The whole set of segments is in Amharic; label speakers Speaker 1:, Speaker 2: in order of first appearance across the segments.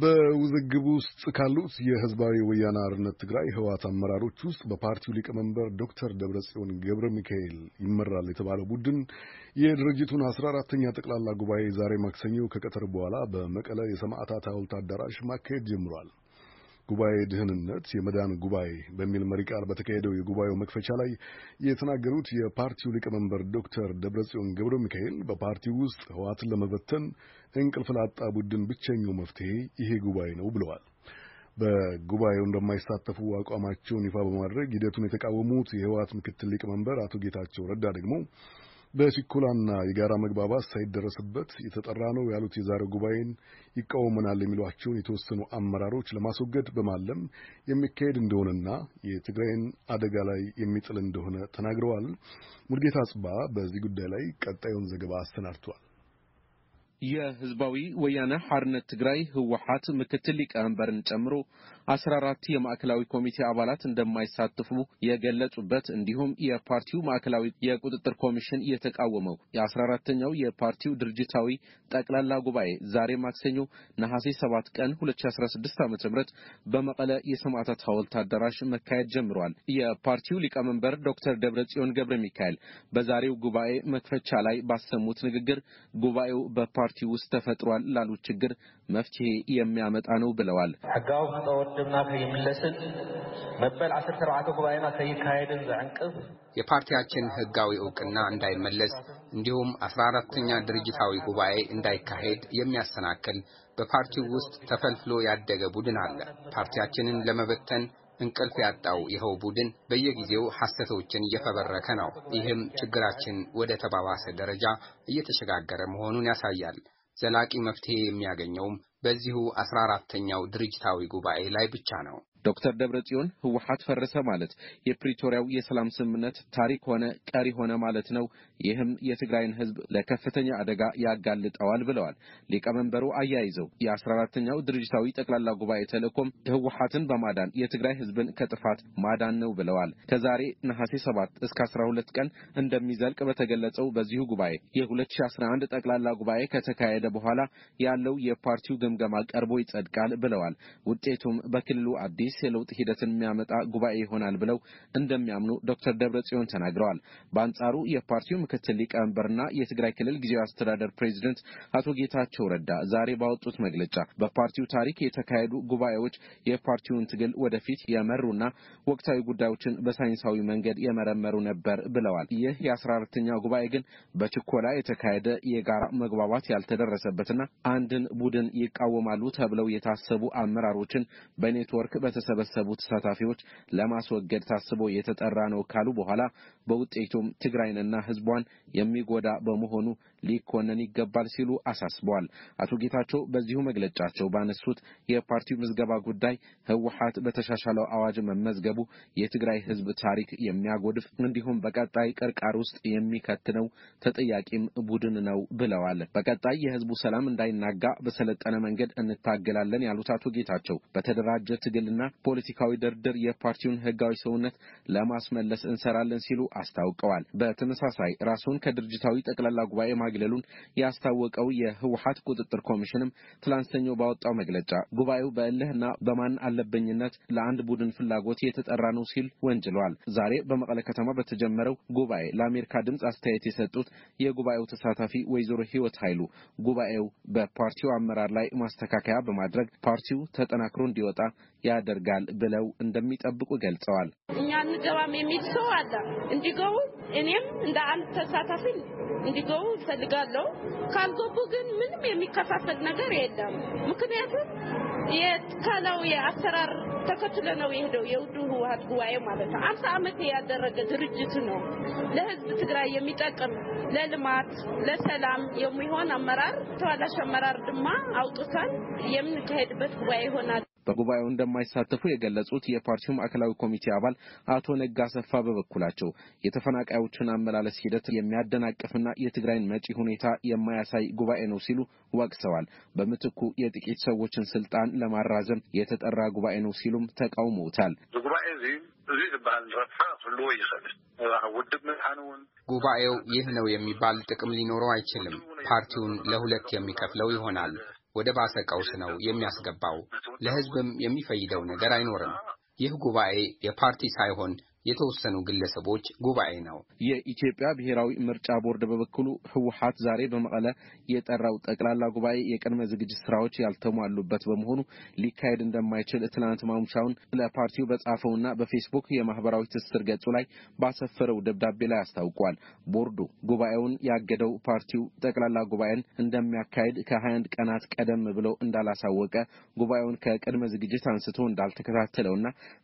Speaker 1: በውዝግብ ውስጥ ካሉት የህዝባዊ ወያነ አርነት ትግራይ ህወሓት አመራሮች ውስጥ በፓርቲው ሊቀመንበር ዶክተር ደብረጽዮን ገብረ ሚካኤል ይመራል የተባለው ቡድን የድርጅቱን አስራ አራተኛ ጠቅላላ ጉባኤ ዛሬ ማክሰኞ ከቀትር በኋላ በመቀለ የሰማዕታት ሐውልት አዳራሽ ማካሄድ ጀምሯል። ጉባኤ ድህንነት የመዳን ጉባኤ በሚል መሪ ቃል በተካሄደው የጉባኤው መክፈቻ ላይ የተናገሩት የፓርቲው ሊቀመንበር ዶክተር ደብረጽዮን ገብረ ሚካኤል በፓርቲው ውስጥ ህዋትን ለመበተን እንቅልፍ ላጣ ቡድን ብቸኛው መፍትሄ ይሄ ጉባኤ ነው ብለዋል። በጉባኤው እንደማይሳተፉ አቋማቸውን ይፋ በማድረግ ሂደቱን የተቃወሙት የህወሓት ምክትል ሊቀመንበር አቶ ጌታቸው ረዳ ደግሞ በችኮላና የጋራ መግባባት ሳይደረስበት የተጠራ ነው ያሉት የዛሬው ጉባኤን ይቃወመናል የሚሏቸውን የተወሰኑ አመራሮች ለማስወገድ በማለም የሚካሄድ እንደሆነና የትግራይን አደጋ ላይ የሚጥል እንደሆነ ተናግረዋል። ሙልጌታ ጽባ በዚህ ጉዳይ ላይ ቀጣዩን ዘገባ አሰናድቷል።
Speaker 2: የህዝባዊ ወያነ ሐርነት ትግራይ ህወሓት ምክትል ሊቀመንበርን ጨምሮ አስራ አራት የማዕከላዊ ኮሚቴ አባላት እንደማይሳትፉ የገለጹበት እንዲሁም የፓርቲው ማዕከላዊ የቁጥጥር ኮሚሽን የተቃወመው የአስራ አራተኛው የፓርቲው ድርጅታዊ ጠቅላላ ጉባኤ ዛሬ ማክሰኞ ነሐሴ ሰባት ቀን ሁለት ሺ አስራ ስድስት ዓመተ ምህረት በመቀለ የሰማዕታት ሐውልት አዳራሽ መካሄድ ጀምሯል። የፓርቲው ሊቀመንበር ዶክተር ደብረ ጽዮን ገብረ ሚካኤል በዛሬው ጉባኤ መክፈቻ ላይ ባሰሙት ንግግር ጉባኤው በፓ ፓርቲ ውስጥ ተፈጥሯል ላሉት ችግር
Speaker 3: መፍትሄ የሚያመጣ ነው ብለዋል።
Speaker 2: ሕጋዊ ተወድብና ከይምለስን መበል 14 ጉባኤና ከይካሄድን ዘዕንቅፍ
Speaker 3: የፓርቲያችን ህጋዊ እውቅና እንዳይመለስ እንዲሁም አስራ አራተኛ ድርጅታዊ ጉባኤ እንዳይካሄድ የሚያሰናክል በፓርቲው ውስጥ ተፈልፍሎ ያደገ ቡድን አለ። ፓርቲያችንን ለመበተን እንቅልፍ ያጣው ይኸው ቡድን በየጊዜው ሐሰቶችን እየፈበረከ ነው። ይህም ችግራችን ወደ ተባባሰ ደረጃ እየተሸጋገረ መሆኑን ያሳያል። ዘላቂ መፍትሄ የሚያገኘውም በዚሁ አስራ አራተኛው ድርጅታዊ ጉባኤ ላይ ብቻ ነው።
Speaker 2: ዶክተር ደብረጽዮን ህወሓት ፈረሰ ማለት የፕሪቶሪያው የሰላም ስምምነት ታሪክ ሆነ ቀሪ ሆነ ማለት ነው። ይህም የትግራይን ህዝብ ለከፍተኛ አደጋ ያጋልጠዋል ብለዋል። ሊቀመንበሩ አያይዘው የአስራ አራተኛው ድርጅታዊ ጠቅላላ ጉባኤ ተልእኮም ህወሓትን በማዳን የትግራይ ህዝብን ከጥፋት ማዳን ነው ብለዋል። ከዛሬ ነሐሴ 7 እስከ 12 ቀን እንደሚዘልቅ በተገለጸው በዚሁ ጉባኤ የ2011 ጠቅላላ ጉባኤ ከተካሄደ በኋላ ያለው የፓርቲው ግምገማ ቀርቦ ይጸድቃል ብለዋል። ውጤቱም በክልሉ አዲስ አዲስ የለውጥ ሂደትን የሚያመጣ ጉባኤ ይሆናል ብለው እንደሚያምኑ ዶክተር ጽዮን ተናግረዋል። በአንጻሩ የፓርቲው ምክትል ሊቀመንበርና የትግራይ ክልል ጊዜያዊ አስተዳደር ፕሬዚደንት አቶ ጌታቸው ረዳ ዛሬ ባወጡት መግለጫ በፓርቲው ታሪክ የተካሄዱ ጉባኤዎች የፓርቲውን ትግል ወደፊት የመሩና ወቅታዊ ጉዳዮችን በሳይንሳዊ መንገድ የመረመሩ ነበር ብለዋል። ይህ የአስራ አራተኛው ጉባኤ ግን በችኮላ የተካሄደ የጋራ መግባባት ያልተደረሰበትና አንድን ቡድን ይቃወማሉ ተብለው የታሰቡ አመራሮችን በኔትወርክ በተ የተሰበሰቡት ተሳታፊዎች ለማስወገድ ታስቦ የተጠራ ነው ካሉ በኋላ በውጤቱም ትግራይንና ሕዝቧን የሚጎዳ በመሆኑ ሊኮነን ይገባል ሲሉ አሳስበዋል። አቶ ጌታቸው በዚሁ መግለጫቸው ባነሱት የፓርቲው ምዝገባ ጉዳይ ህወሓት በተሻሻለው አዋጅ መመዝገቡ የትግራይ ህዝብ ታሪክ የሚያጎድፍ እንዲሁም በቀጣይ ቅርቃር ውስጥ የሚከትነው ተጠያቂም ቡድን ነው ብለዋል። በቀጣይ የህዝቡ ሰላም እንዳይናጋ በሰለጠነ መንገድ እንታገላለን ያሉት አቶ ጌታቸው በተደራጀ ትግልና ፖለቲካዊ ድርድር የፓርቲውን ህጋዊ ሰውነት ለማስመለስ እንሰራለን ሲሉ አስታውቀዋል። በተመሳሳይ ራሱን ከድርጅታዊ ጠቅላላ ጉባኤ ማግለሉን ያስታወቀው የህወሀት ቁጥጥር ኮሚሽንም ትላንት ሰኞ ባወጣው መግለጫ ጉባኤው በእልህና በማን አለበኝነት ለአንድ ቡድን ፍላጎት የተጠራ ነው ሲል ወንጅለዋል። ዛሬ በመቀለ ከተማ በተጀመረው ጉባኤ ለአሜሪካ ድምፅ አስተያየት የሰጡት የጉባኤው ተሳታፊ ወይዘሮ ህይወት ኃይሉ ጉባኤው በፓርቲው አመራር ላይ ማስተካከያ በማድረግ ፓርቲው ተጠናክሮ እንዲወጣ ያደርጋል ያደርጋል ብለው እንደሚጠብቁ ገልጸዋል።
Speaker 1: እኛ እንገባም የሚል ሰው አለ እንዲገቡ እኔም እንደ አንድ ተሳታፊ እንዲገቡ እፈልጋለሁ። ካልገቡ ግን ምንም የሚከፋፈል ነገር የለም። ምክንያቱም የትከለው የአሰራር ተከትሎ ነው የሄደው። የውዱ ህወሀት ጉባኤ ማለት ነው። አምሳ ዓመት ያደረገ ድርጅት ነው። ለህዝብ ትግራይ የሚጠቅም ለልማት ለሰላም የሚሆን አመራር ተዋላሽ አመራር ድማ አውጥተን የምንካሄድበት ጉባኤ ይሆናል።
Speaker 2: በጉባኤው እንደማይሳተፉ የገለጹት የፓርቲው ማዕከላዊ ኮሚቴ አባል አቶ ነጋ ሰፋ በበኩላቸው የተፈናቃዮችን አመላለስ ሂደት የሚያደናቅፍና የትግራይን መጪ ሁኔታ የማያሳይ ጉባኤ ነው ሲሉ ወቅሰዋል። በምትኩ የጥቂት ሰዎችን ስልጣን ለማራዘም የተጠራ ጉባኤ ነው ሲሉም ተቃውመውታል።
Speaker 3: ጉባኤው ይህ ነው የሚባል ጥቅም ሊኖረው አይችልም። ፓርቲውን ለሁለት የሚከፍለው ይሆናል። ወደ ባሰ ቀውስ ነው የሚያስገባው። ለሕዝብም የሚፈይደው ነገር አይኖርም። ይህ ጉባኤ የፓርቲ ሳይሆን የተወሰኑ ግለሰቦች ጉባኤ ነው።
Speaker 2: የኢትዮጵያ ብሔራዊ ምርጫ ቦርድ በበኩሉ ህወሀት ዛሬ በመቀለ የጠራው ጠቅላላ ጉባኤ የቅድመ ዝግጅት ስራዎች ያልተሟሉበት በመሆኑ ሊካሄድ እንደማይችል ትናንት ማምሻውን ለፓርቲው በጻፈውና በፌስቡክ የማህበራዊ ትስስር ገጹ ላይ ባሰፈረው ደብዳቤ ላይ አስታውቋል። ቦርዱ ጉባኤውን ያገደው ፓርቲው ጠቅላላ ጉባኤን እንደሚያካሄድ ከ21 ቀናት ቀደም ብሎ እንዳላሳወቀ ጉባኤውን ከቅድመ ዝግጅት አንስቶ እንዳልተከታተለውና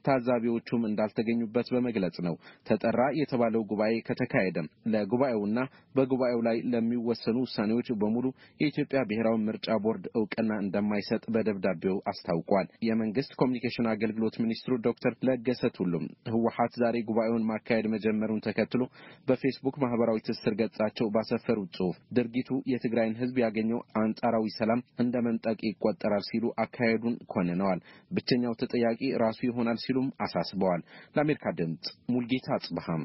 Speaker 2: ታዛቢዎቹም እንዳልተገኙበት በመ በመግለጽ ነው ተጠራ የተባለው ጉባኤ ከተካሄደም ለጉባኤውና በጉባኤው ላይ ለሚወሰኑ ውሳኔዎች በሙሉ የኢትዮጵያ ብሔራዊ ምርጫ ቦርድ እውቅና እንደማይሰጥ በደብዳቤው አስታውቋል። የመንግስት ኮሚኒኬሽን አገልግሎት ሚኒስትሩ ዶክተር ለገሰ ቱሉም ህወሀት ዛሬ ጉባኤውን ማካሄድ መጀመሩን ተከትሎ በፌስቡክ ማህበራዊ ትስስር ገጻቸው ባሰፈሩት ጽሁፍ ድርጊቱ የትግራይን ህዝብ ያገኘው አንጻራዊ ሰላም እንደ መንጠቅ ይቆጠራል ሲሉ አካሄዱን ኮንነዋል። ብቸኛው ተጠያቂ ራሱ ይሆናል ሲሉም አሳስበዋል። ለአሜሪካ ድምፅ ሙልጌታ አጽብሃም